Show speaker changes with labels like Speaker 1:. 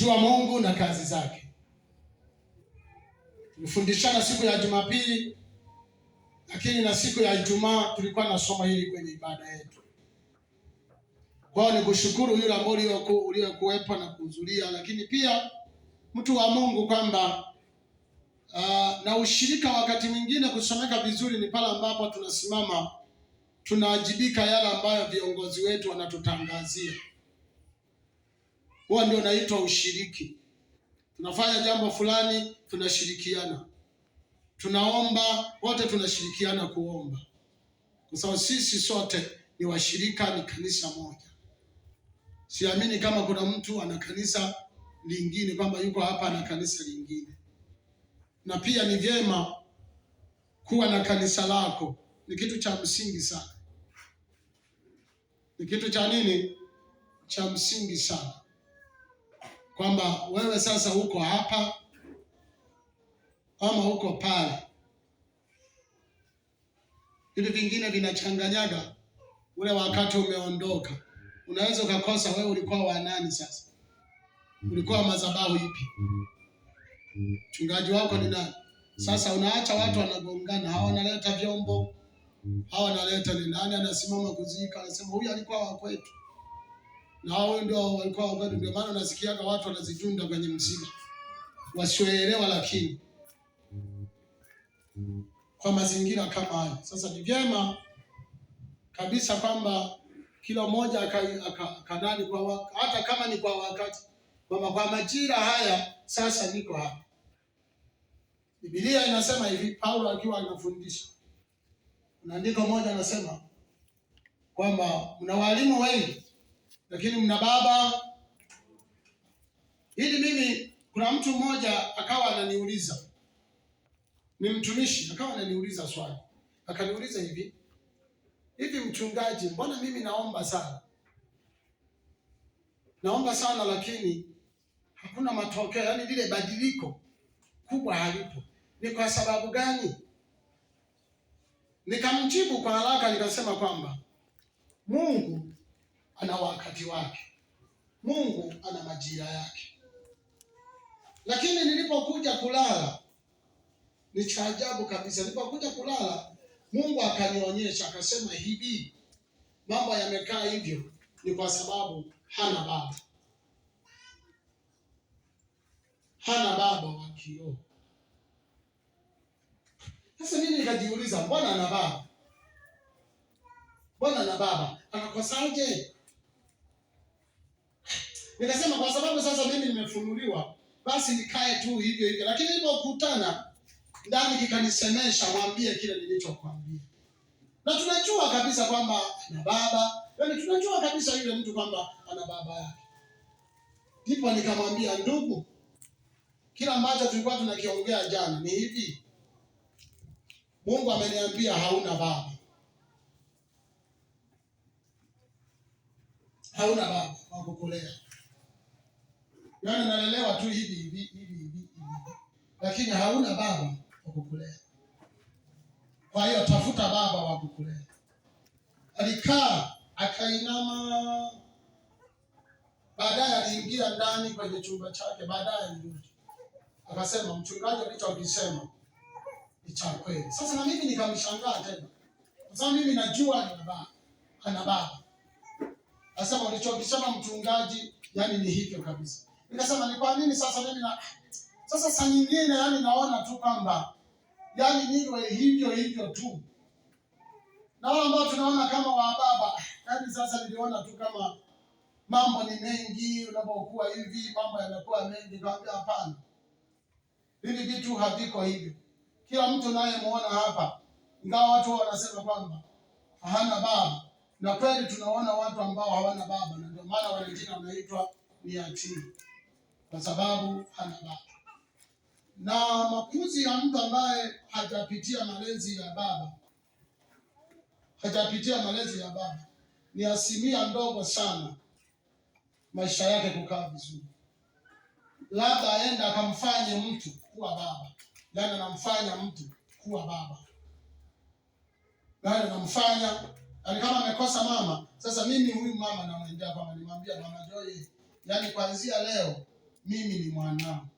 Speaker 1: Jua Mungu na kazi zake. Tulifundishana siku ya Jumapili, lakini na siku ya Ijumaa tulikuwa na somo hili kwenye ibada yetu. Kwa hiyo nikushukuru yule ambaye uliyokuwepo na kuhudhuria, lakini pia mtu wa Mungu kwamba uh, na ushirika wakati mwingine kusomeka vizuri ni pale ambapo tunasimama tunaajibika yale ambayo viongozi wetu wanatutangazia. Huwa ndio naitwa ushiriki. Tunafanya jambo fulani, tunashirikiana, tunaomba wote, tunashirikiana kuomba, kwa sababu sisi sote ni washirika, ni kanisa moja. Siamini kama kuna mtu ana kanisa lingine, kwamba yuko hapa na kanisa lingine. Na pia ni vyema kuwa na kanisa lako, ni kitu cha msingi sana, ni kitu cha nini, cha msingi sana kwamba wewe sasa uko hapa ama uko pale. Vitu vingine vinachanganyaga ule wakati umeondoka, unaweza ukakosa wewe ulikuwa wa nani sasa, ulikuwa wa madhabahu ipi? Mchungaji wako ni nani? Sasa unaacha watu wanagongana, hawa wanaleta vyombo, hawa wanaleta ni nani, anasimama kuzika, anasema huyu alikuwa wa kwetu na hao ndio walikuwa wabadi. Ndio maana unasikiaga watu wanazitunda kwenye msiba wasioelewa, lakini kwa mazingira kama haya sasa, ni vyema kabisa kwamba kila mmoja akadani kwa hata kama ni kwa wakati kwamba kwa majira haya sasa niko hapa. Biblia inasema hivi, Paulo akiwa anafundisha, na andiko moja anasema kwamba mna walimu wengi lakini mna baba ili mimi. Kuna mtu mmoja akawa ananiuliza, ni mtumishi, akawa ananiuliza swali, akaniuliza hivi hivi, mchungaji, mbona mimi naomba sana, naomba sana, lakini hakuna matokeo, yaani lile badiliko kubwa halipo, ni kwa sababu gani? Nikamjibu kwa haraka nikasema kwamba Mungu ana wakati wake, Mungu ana majira yake. Lakini nilipokuja kulala ni cha ajabu kabisa. Nilipokuja kulala, Mungu akanionyesha akasema, hivi mambo yamekaa hivyo ni kwa sababu hana baba, hana baba wa kiroho. Sasa mimi nikajiuliza, mbona ana baba, mbona ana baba, anakosaje? Nikasema kwa sababu sasa mimi nimefunuliwa, basi nikae tu hivyo hivyo, lakini nilipokutana ndani kikanisemesha, mwambie kile nilichokwambia. Na tunajua kabisa kwamba ana baba, yaani tunajua kabisa yule mtu kwamba ana baba yake. Ndipo nikamwambia ndugu, kila ambacho tulikuwa tunakiongea jana ni hivi, Mungu ameniambia hauna baba, hauna baba wa kukulea yaani nalelewa tu hivi hivi hivi hivi, lakini hauna baba wa kukulea. Kwa hiyo tafuta baba wa kukulea. Alikaa akainama, baadaye aliingia ndani kwenye chumba chake, baadaye alirudi akasema, mchungaji alicho alichokisema ni cha kweli. Sasa na mimi nikamshangaa tena, kwa sababu mimi najua ana baba, ana baba. Asema ulichokisema mchungaji, yani ni hivyo kabisa. Nikasema ni kwa nini sasa mimi na sasa saa nyingine yani naona tu kwamba yani niwe hivyo hivyo tu. Na wale ambao tunaona kama wa baba, yani sasa niliona tu kama mambo ni mengi, unapokuwa hivi mambo yanakuwa mengi, kaambia hapana. Hivi vitu haviko hivyo. Kila mtu naye muona hapa, ingawa watu wanasema kwamba hana baba. Na kweli tunaona watu ambao hawana baba na ndio maana wale wengine wanaitwa yatima kwa sababu hana baba. Na makuzi ya mtu ambaye hajapitia malezi ya baba, hajapitia malezi ya baba ni asilimia ndogo sana maisha yake kukaa vizuri. Labda aenda akamfanye mtu kuwa baba, yani anamfanya mtu kuwa baba, yaani anamfanya yaani, kama amekosa mama, sasa mimi huyu mama namwendea, kama nimwambia mama Joy, yani kuanzia leo mimi ni mwanao.